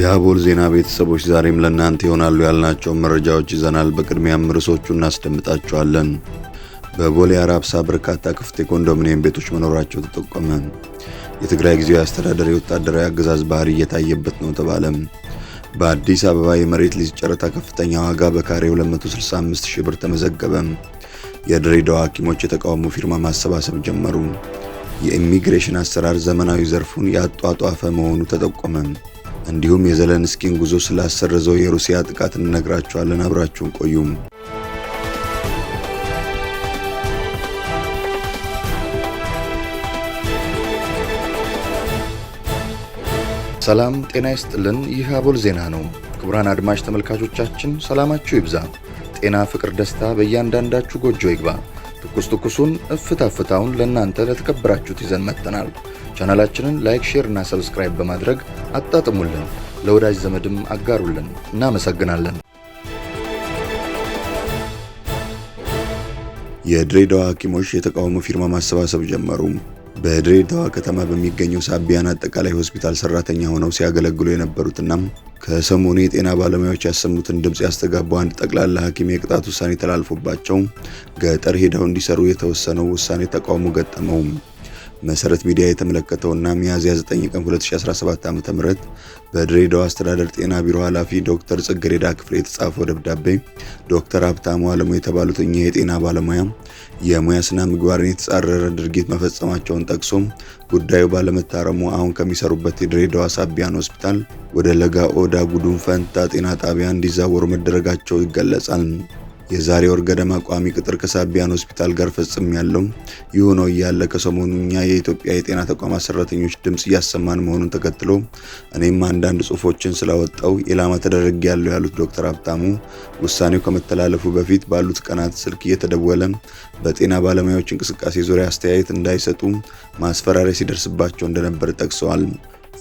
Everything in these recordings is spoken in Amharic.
የአቦል ዜና ቤተሰቦች ዛሬም ለእናንተ ይሆናሉ ያልናቸው መረጃዎች ይዘናል። በቅድሚያም ርዕሶቹ እናስደምጣቸዋለን። በቦሌ አራብሳ በርካታ ክፍት የኮንዶሚኒየም ቤቶች መኖራቸው ተጠቆመ። የትግራይ ጊዜያዊ አስተዳደር የወታደራዊ አገዛዝ ባህሪ እየታየበት ነው ተባለም። በአዲስ አበባ የመሬት ሊዝ ጨረታ ከፍተኛ ዋጋ በካሬ 265 ሺህ ብር ተመዘገበ። የድሬዳዋ ሐኪሞች የተቃውሞ ፊርማ ማሰባሰብ ጀመሩ። የኢሚግሬሽን አሰራር ዘመናዊ ዘርፉን ያጧጧፈ መሆኑ ተጠቆመ። እንዲሁም የዘለንስኪን ጉዞ ስላሰረዘው የሩሲያ ጥቃት እንነግራችኋለን። አብራችሁን ቆዩም። ሰላም ጤና ይስጥልን። ይህ አቦል ዜና ነው። ክቡራን አድማጭ ተመልካቾቻችን ሰላማችሁ ይብዛ፣ ጤና፣ ፍቅር፣ ደስታ በእያንዳንዳችሁ ጎጆ ይግባ። ትኩስ ትኩሱን እፍታ ፍታውን ለእናንተ ለተከበራችሁት ይዘን መጥተናል። ቻናላችንን ላይክ፣ ሼር እና ሰብስክራይብ በማድረግ አጣጥሙልን፣ ለወዳጅ ዘመድም አጋሩልን። እናመሰግናለን። የድሬዳዋ ሐኪሞች የተቃውሞ ፊርማ ማሰባሰብ ጀመሩ። በድሬዳዋ ከተማ በሚገኘው ሳቢያን አጠቃላይ ሆስፒታል ሰራተኛ ሆነው ሲያገለግሉ የነበሩትና ከሰሞኑ የጤና ባለሙያዎች ያሰሙትን ድምፅ ያስተጋቡ አንድ ጠቅላላ ሐኪም የቅጣት ውሳኔ ተላልፎባቸው ገጠር ሄደው እንዲሰሩ የተወሰነው ውሳኔ ተቃውሞ ገጠመው። መሰረት ሚዲያ የተመለከተውና ሚያዝያ 9 ቀን 2017 ዓ.ም በድሬዳዋ አስተዳደር ጤና ቢሮ ኃላፊ ዶክተር ጽግሬዳ ክፍል የተጻፈው ደብዳቤ ዶክተር ሀብታሙ አለሙ የተባሉት እኚህ የጤና ባለሙያ የሙያ ስነ ምግባርን የተጻረረ ድርጊት መፈጸማቸውን ጠቅሶ ጉዳዩ ባለመታረሙ አሁን ከሚሰሩበት የድሬዳዋ ሳቢያን ሆስፒታል ወደ ለጋ ኦዳ ጉዱን ፈንታ ጤና ጣቢያ እንዲዛወሩ መደረጋቸው ይገለጻል። የዛሬ ወር ገደማ ቋሚ ቅጥር ከሳቢያን ሆስፒታል ጋር ፈጽም ያለው ይህ ሆኖ እያለ ከሰሞኑ እኛ የኢትዮጵያ የጤና ተቋማት ሰራተኞች ድምፅ እያሰማን መሆኑን ተከትሎ እኔም አንዳንድ ጽሁፎችን ስላወጣው ኢላማ ተደረግ ያለው ያሉት ዶክተር ሀብታሙ ውሳኔው ከመተላለፉ በፊት ባሉት ቀናት ስልክ እየተደወለ በጤና ባለሙያዎች እንቅስቃሴ ዙሪያ አስተያየት እንዳይሰጡ ማስፈራሪያ ሲደርስባቸው እንደነበር ጠቅሰዋል።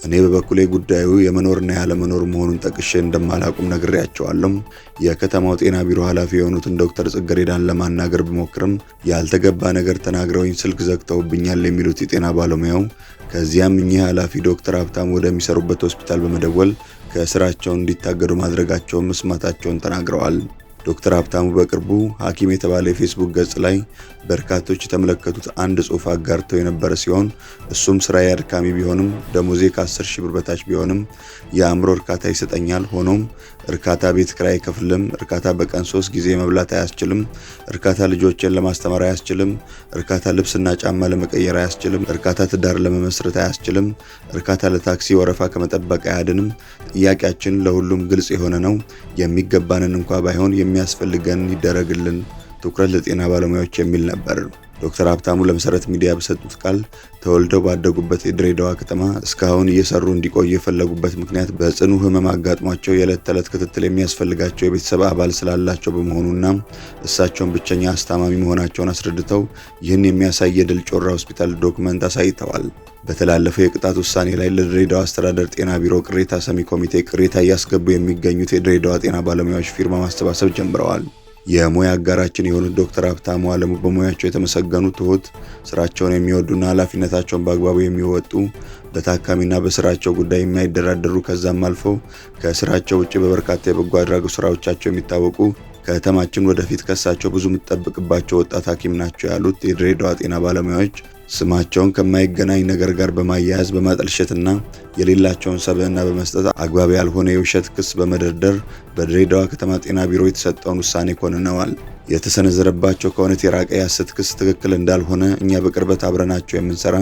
እኔ በበኩሌ ጉዳዩ የመኖርና ያለመኖር መሆኑን ጠቅሼ እንደማላቁም ነግሬያቸዋለሁ። የከተማው ጤና ቢሮ ኃላፊ የሆኑትን ዶክተር ጽገሬዳን ለማናገር ብሞክርም ያልተገባ ነገር ተናግረውኝ ስልክ ዘግተውብኛል የሚሉት የጤና ባለሙያው ከዚያም እኚህ ኃላፊ ዶክተር ሀብታም ወደሚሰሩበት ሆስፒታል በመደወል ከስራቸው እንዲታገዱ ማድረጋቸውን መስማታቸውን ተናግረዋል። ዶክተር ሀብታሙ በቅርቡ ሐኪም የተባለ የፌስቡክ ገጽ ላይ በርካቶች የተመለከቱት አንድ ጽሑፍ አጋርተው የነበረ ሲሆን እሱም ስራዬ አድካሚ ቢሆንም ደሞዜ ከ10 ሺህ ብር በታች ቢሆንም የአእምሮ እርካታ ይሰጠኛል። ሆኖም እርካታ ቤት ክራይ አይከፍልም። እርካታ በቀን ሶስት ጊዜ መብላት አያስችልም። እርካታ ልጆችን ለማስተማር አያስችልም። እርካታ ልብስና ጫማ ለመቀየር አያስችልም። እርካታ ትዳር ለመመስረት አያስችልም። እርካታ ለታክሲ ወረፋ ከመጠበቅ አያድንም። ጥያቄያችን ለሁሉም ግልጽ የሆነ ነው። የሚገባንን እንኳ ባይሆን የሚያስፈልገን ይደረግልን፣ ትኩረት ለጤና ባለሙያዎች የሚል ነበር። ዶክተር ሀብታሙ ለመሰረት ሚዲያ በሰጡት ቃል ተወልደው ባደጉበት የድሬዳዋ ከተማ እስካሁን እየሰሩ እንዲቆዩ የፈለጉበት ምክንያት በጽኑ ህመም አጋጥሟቸው የዕለት ተዕለት ክትትል የሚያስፈልጋቸው የቤተሰብ አባል ስላላቸው በመሆኑና እሳቸውን ብቸኛ አስታማሚ መሆናቸውን አስረድተው ይህን የሚያሳይ የድል ጮራ ሆስፒታል ዶክመንት አሳይተዋል። በተላለፈው የቅጣት ውሳኔ ላይ ለድሬዳዋ አስተዳደር ጤና ቢሮ ቅሬታ ሰሚ ኮሚቴ ቅሬታ እያስገቡ የሚገኙት የድሬዳዋ ጤና ባለሙያዎች ፊርማ ማሰባሰብ ጀምረዋል። የሙያ አጋራችን የሆኑት ዶክተር ሀብታሙ አለሙ በሙያቸው የተመሰገኑ ትሁት፣ ስራቸውን የሚወዱና ኃላፊነታቸውን በአግባቡ የሚወጡ በታካሚና በስራቸው ጉዳይ የማይደራደሩ ከዛም አልፈው ከስራቸው ውጭ በበርካታ የበጎ አድራጎት ስራዎቻቸው የሚታወቁ ከተማችን ወደፊት ከሳቸው ብዙ የምትጠብቅባቸው ወጣት ሐኪም ናቸው ያሉት የድሬዳዋ ጤና ባለሙያዎች ስማቸውን ከማይገናኝ ነገር ጋር በማያያዝ በማጠልሸትና የሌላቸውን ሰብዕና በመስጠት አግባብ ያልሆነ የውሸት ክስ በመደርደር በድሬዳዋ ከተማ ጤና ቢሮ የተሰጠውን ውሳኔ ኮንነዋል። የተሰነዘረባቸው ከእውነት የራቀ የሐሰት ክስ ትክክል እንዳልሆነ እኛ በቅርበት አብረናቸው የምንሰራ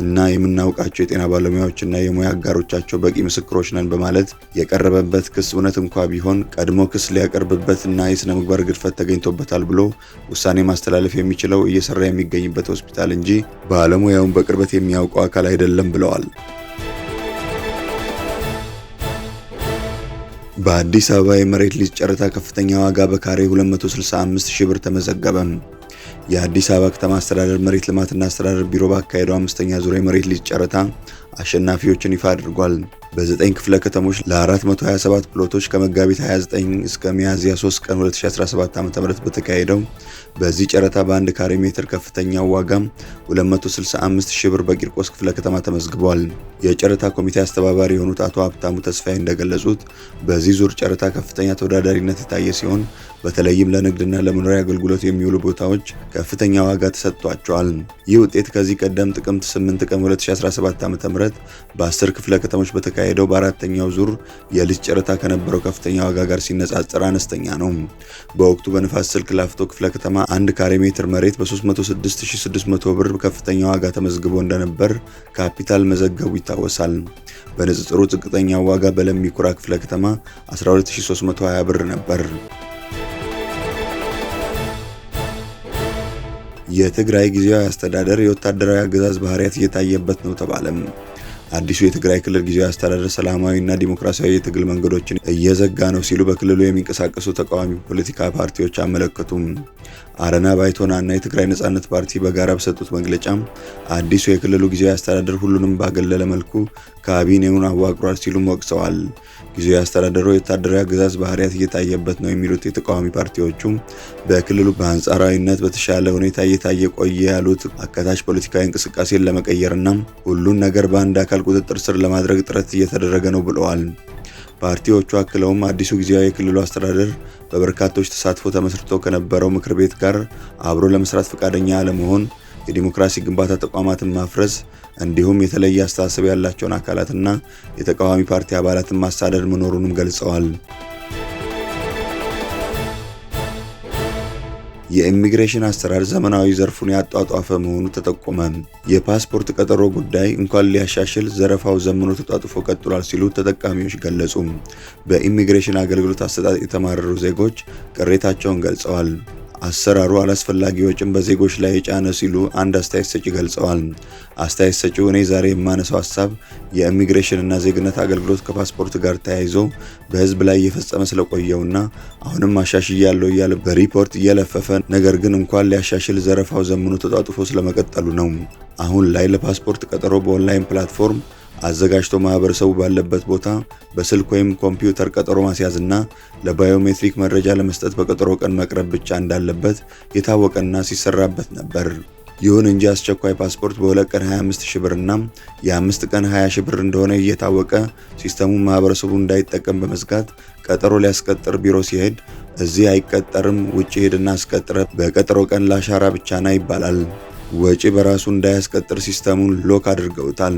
እና የምናውቃቸው የጤና ባለሙያዎች እና የሙያ አጋሮቻቸው በቂ ምስክሮች ነን በማለት የቀረበበት ክስ እውነት እንኳ ቢሆን ቀድሞ ክስ ሊያቀርብበት እና የስነ ምግባር ግድፈት ተገኝቶበታል ብሎ ውሳኔ ማስተላለፍ የሚችለው እየሰራ የሚገኝበት ሆስፒታል እንጂ ባለሙያውን በቅርበት የሚያውቀው አካል አይደለም ብለዋል። በአዲስ አበባ የመሬት ሊዝ ጨረታ ከፍተኛ ዋጋ በካሬ 265 ሺህ ብር ተመዘገበ። የአዲስ አበባ ከተማ አስተዳደር መሬት ልማትና አስተዳደር ቢሮ ባካሄደው አምስተኛ ዙሪያ መሬት ሊዝ ጨረታ አሸናፊዎችን ይፋ አድርጓል። በዘጠኝ ክፍለ ከተሞች ለ427 ፕሎቶች ከመጋቢት 29 እስከ ሚያዝያ 3 ቀን 2017 ዓ.ም በተካሄደው በዚህ ጨረታ በአንድ ካሬ ሜትር ከፍተኛው ዋጋ 265 ሺ ብር በቂርቆስ ክፍለ ከተማ ተመዝግቧል። የጨረታ ኮሚቴ አስተባባሪ የሆኑት አቶ ሀብታሙ ተስፋዬ እንደገለጹት በዚህ ዙር ጨረታ ከፍተኛ ተወዳዳሪነት የታየ ሲሆን በተለይም ለንግድና ለመኖሪያ አገልግሎት የሚውሉ ቦታዎች ከፍተኛ ዋጋ ተሰጥቷቸዋል። ይህ ውጤት ከዚህ ቀደም ጥቅምት 8 ቀን 2017 .ም በ10 ክፍለ ከተሞች በተካሄደው በአራተኛው ዙር የሊዝ ጨረታ ከነበረው ከፍተኛ ዋጋ ጋር ሲነጻጸር አነስተኛ ነው። በወቅቱ በንፋስ ስልክ ላፍቶ ክፍለ ከተማ አንድ ካሬ ሜትር መሬት በ 36600 ብር ከፍተኛ ዋጋ ተመዝግቦ እንደነበር ካፒታል መዘገቡ ይታል። ይታወሳል። በንጽጽሩ ዝቅተኛ ዋጋ በለሚ ኩራ ክፍለ ከተማ 12320 ብር ነበር። የትግራይ ጊዜያዊ አስተዳደር የወታደራዊ አገዛዝ ባህሪያት እየታየበት ነው ተባለም። አዲሱ የትግራይ ክልል ጊዜያዊ አስተዳደር ሰላማዊና ዲሞክራሲያዊ የትግል መንገዶችን እየዘጋ ነው ሲሉ በክልሉ የሚንቀሳቀሱ ተቃዋሚ ፖለቲካ ፓርቲዎች አመለከቱም። አረና ባይቶና እና የትግራይ ነጻነት ፓርቲ በጋራ በሰጡት መግለጫ አዲሱ የክልሉ ጊዜያዊ አስተዳደር ሁሉንም ባገለለ መልኩ ካቢኔውን አዋቅሯል ሲሉም ወቅሰዋል። ጊዜ አስተዳደሩ የወታደራዊ አገዛዝ ባህሪያት እየታየበት ነው የሚሉት የተቃዋሚ ፓርቲዎቹ በክልሉ በአንጻራዊነት በተሻለ ሁኔታ እየታየ ቆየ ያሉት አካታች ፖለቲካዊ እንቅስቃሴን ለመቀየርና ሁሉን ነገር በአንድ አካል ቁጥጥር ስር ለማድረግ ጥረት እየተደረገ ነው ብለዋል። ፓርቲዎቹ አክለውም አዲሱ ጊዜያዊ የክልሉ አስተዳደር በበርካቶች ተሳትፎ ተመስርቶ ከነበረው ምክር ቤት ጋር አብሮ ለመስራት ፈቃደኛ አለመሆን የዲሞክራሲ ግንባታ ተቋማትን ማፍረስ እንዲሁም የተለየ አስተሳሰብ ያላቸውን አካላትና የተቃዋሚ ፓርቲ አባላትን ማሳደድ መኖሩንም ገልጸዋል። የኢሚግሬሽን አሰራር ዘመናዊ ዘርፉን ያጧጧፈ መሆኑ ተጠቆመ። የፓስፖርት ቀጠሮ ጉዳይ እንኳን ሊያሻሽል ዘረፋው ዘመኖ ተጧጥፎ ቀጥሏል ሲሉ ተጠቃሚዎች ገለጹ። በኢሚግሬሽን አገልግሎት አሰጣጥ የተማረሩ ዜጎች ቅሬታቸውን ገልጸዋል። አሰራሩ አላስፈላጊ ወጪን በዜጎች ላይ የጫነ ሲሉ አንድ አስተያየት ሰጪ ገልጸዋል። አስተያየት ሰጪው እኔ ዛሬ የማነሳው ሀሳብ የኢሚግሬሽን እና ዜግነት አገልግሎት ከፓስፖርት ጋር ተያይዞ በህዝብ ላይ እየፈጸመ ስለቆየውና አሁንም አሻሽል ያለው እያለ በሪፖርት እየለፈፈ ነገር ግን እንኳን ሊያሻሽል ዘረፋው ዘምኑ ተጧጥፎ ስለመቀጠሉ ነው። አሁን ላይ ለፓስፖርት ቀጠሮ በኦንላይን ፕላትፎርም አዘጋጅቶ ማህበረሰቡ ባለበት ቦታ በስልክ ወይም ኮምፒውተር ቀጠሮ ማስያዝና ለባዮሜትሪክ መረጃ ለመስጠት በቀጠሮ ቀን መቅረብ ብቻ እንዳለበት የታወቀና ሲሰራበት ነበር። ይሁን እንጂ አስቸኳይ ፓስፖርት በሁለት ቀን 25 ሺህ ብር የአምስት ቀን 20 ሽብር ብር እንደሆነ እየታወቀ ሲስተሙ ማህበረሰቡ እንዳይጠቀም በመዝጋት ቀጠሮ ሊያስቀጥር ቢሮ ሲሄድ እዚህ አይቀጠርም፣ ውጭ ሄድና አስቀጥረ፣ በቀጠሮ ቀን ላሻራ ብቻና ይባላል። ወጪ በራሱ እንዳያስቀጥር ሲስተሙን ሎክ አድርገውታል።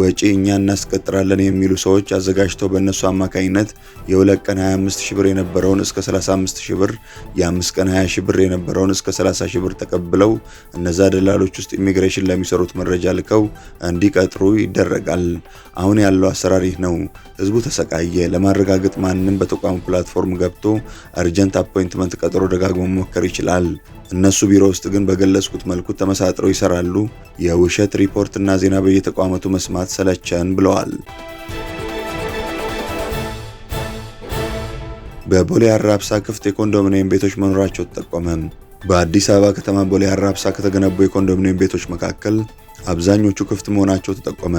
ወጪ እኛ እናስቀጥራለን የሚሉ ሰዎች አዘጋጅተው በእነሱ አማካኝነት የሁለት ቀን 25 ሺ ብር የነበረውን እስከ 35 ሺ ብር፣ የአምስት ቀን 20 ሺ ብር የነበረውን እስከ 30 ሺ ብር ተቀብለው እነዛ ደላሎች ውስጥ ኢሚግሬሽን ለሚሰሩት መረጃ ልከው እንዲቀጥሩ ይደረጋል። አሁን ያለው አሰራር ይህ ነው። ህዝቡ ተሰቃየ። ለማረጋገጥ ማንም በተቋሙ ፕላትፎርም ገብቶ አርጀንት አፖይንትመንት ቀጥሮ ደጋግሞ መሞከር ይችላል። እነሱ ቢሮ ውስጥ ግን በገለጽኩት መልኩ ተመሳጥረው ይሰራሉ። የውሸት ሪፖርት እና ዜና በየተቋማቱ መስማት ሰለቸን ብለዋል። በቦሌ አራብሳ ክፍት የኮንዶሚኒየም ቤቶች መኖራቸው ተጠቆመ። በአዲስ አበባ ከተማ ቦሌ አራብሳ ከተገነቡ የኮንዶሚኒየም ቤቶች መካከል አብዛኞቹ ክፍት መሆናቸው ተጠቆመ።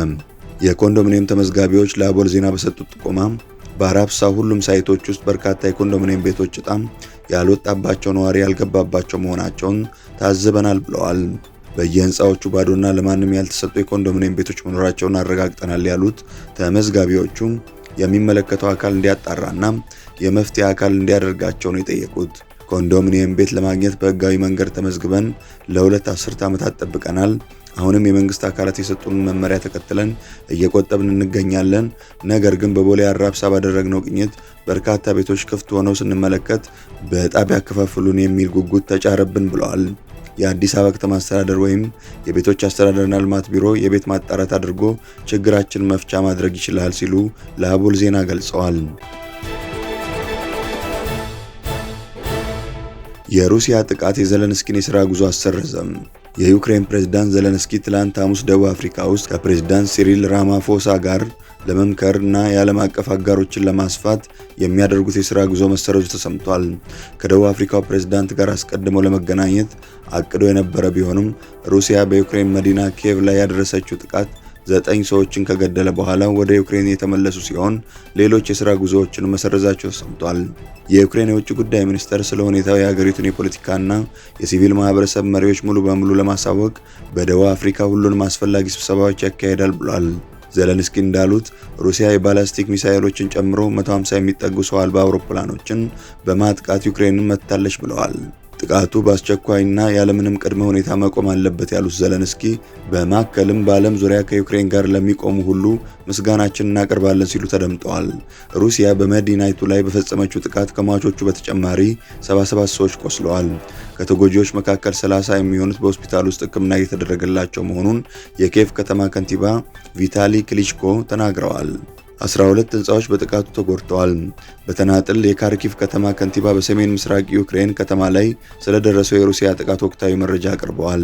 የኮንዶሚኒየም ተመዝጋቢዎች ለአቦል ዜና በሰጡት ጥቆማ በአራብሳ ሁሉም ሳይቶች ውስጥ በርካታ የኮንዶሚኒየም ቤቶች እጣም ያልወጣባቸው ነዋሪ ያልገባባቸው መሆናቸውን ታዝበናል ብለዋል። በየህንፃዎቹ ባዶና ለማንም ያልተሰጡ የኮንዶሚኒየም ቤቶች መኖራቸውን አረጋግጠናል ያሉት ተመዝጋቢዎቹ የሚመለከተው አካል እንዲያጣራና የመፍትሄ አካል እንዲያደርጋቸው ነው የጠየቁት። ኮንዶሚኒየም ቤት ለማግኘት በህጋዊ መንገድ ተመዝግበን ለሁለት አስርት ዓመታት ጠብቀናል። አሁንም የመንግስት አካላት የሰጡን መመሪያ ተከትለን እየቆጠብን እንገኛለን። ነገር ግን በቦሌ አራብሳ ባደረግነው ቅኝት በርካታ ቤቶች ክፍት ሆነው ስንመለከት በጣቢያ ክፈፍሉን የሚል ጉጉት ተጫረብን ብለዋል። የአዲስ አበባ ከተማ አስተዳደር ወይም የቤቶች አስተዳደርና ልማት ቢሮ የቤት ማጣራት አድርጎ ችግራችን መፍቻ ማድረግ ይችላል ሲሉ ለአቦል ዜና ገልጸዋል። የሩሲያ ጥቃት የዘለንስኪን የሥራ ጉዞ አሰረዘም። የዩክሬን ፕሬዝዳንት ዘለንስኪ ትላንት ሐሙስ ደቡብ አፍሪካ ውስጥ ከፕሬዝዳንት ሲሪል ራማፎሳ ጋር ለመምከር እና የዓለም አቀፍ አጋሮችን ለማስፋት የሚያደርጉት የሥራ ጉዞ መሰረቱ ተሰምቷል። ከደቡብ አፍሪካው ፕሬዝዳንት ጋር አስቀድመው ለመገናኘት አቅዶ የነበረ ቢሆንም ሩሲያ በዩክሬን መዲና ኪየቭ ላይ ያደረሰችው ጥቃት ዘጠኝ ሰዎችን ከገደለ በኋላ ወደ ዩክሬን የተመለሱ ሲሆን ሌሎች የስራ ጉዞዎችን መሰረዛቸው ሰምቷል። የዩክሬን የውጭ ጉዳይ ሚኒስቴር ስለ ሁኔታው የሀገሪቱን የፖለቲካና የሲቪል ማህበረሰብ መሪዎች ሙሉ በሙሉ ለማሳወቅ በደቡብ አፍሪካ ሁሉንም አስፈላጊ ስብሰባዎች ያካሄዳል ብሏል። ዘለንስኪ እንዳሉት ሩሲያ የባላስቲክ ሚሳይሎችን ጨምሮ 150 የሚጠጉ ሰው አልባ አውሮፕላኖችን በማጥቃት ዩክሬንን መታለች ብለዋል። ጥቃቱ በአስቸኳይና ያለምንም ቅድመ ሁኔታ መቆም አለበት ያሉት ዘለንስኪ በማከልም በዓለም ዙሪያ ከዩክሬን ጋር ለሚቆሙ ሁሉ ምስጋናችን እናቀርባለን ሲሉ ተደምጠዋል። ሩሲያ በመዲናይቱ ላይ በፈጸመችው ጥቃት ከሟቾቹ በተጨማሪ 77 ሰዎች ቆስለዋል። ከተጎጂዎች መካከል 30 የሚሆኑት በሆስፒታል ውስጥ ሕክምና እየተደረገላቸው መሆኑን የኬቭ ከተማ ከንቲባ ቪታሊ ክሊችኮ ተናግረዋል። 12 ህንፃዎች በጥቃቱ ተጎድተዋል። በተናጥል የካርኪቭ ከተማ ከንቲባ በሰሜን ምስራቅ ዩክሬን ከተማ ላይ ስለደረሰው የሩሲያ ጥቃት ወቅታዊ መረጃ አቅርበዋል።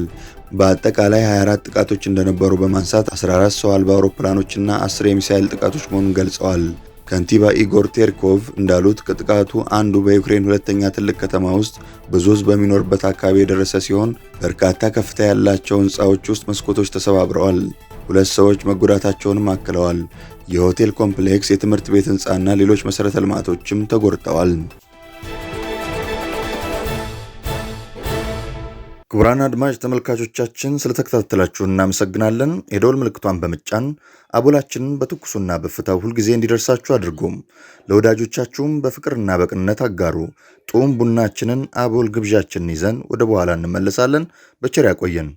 በአጠቃላይ 24 ጥቃቶች እንደነበሩ በማንሳት 14 ሰው አልባ አውሮፕላኖችና 10 የሚሳይል ጥቃቶች መሆኑን ገልጸዋል። ከንቲባ ኢጎር ቴርኮቭ እንዳሉት ከጥቃቱ አንዱ በዩክሬን ሁለተኛ ትልቅ ከተማ ውስጥ ብዙ በሚኖርበት አካባቢ የደረሰ ሲሆን በርካታ ከፍታ ያላቸው ሕንፃዎች ውስጥ መስኮቶች ተሰባብረዋል። ሁለት ሰዎች መጎዳታቸውንም አክለዋል። የሆቴል ኮምፕሌክስ፣ የትምህርት ቤት ህንፃና ሌሎች መሠረተ ልማቶችም ተጎድተዋል። ክቡራን አድማጭ ተመልካቾቻችን ስለተከታተላችሁ እናመሰግናለን። የደወል ምልክቷን በመጫን አቦላችንን በትኩሱና በፍታው ሁልጊዜ እንዲደርሳችሁ አድርጎም ለወዳጆቻችሁም በፍቅርና በቅንነት አጋሩ። ጡም ቡናችንን አቦል ግብዣችንን ይዘን ወደ በኋላ እንመለሳለን። በቸር ያቆየን።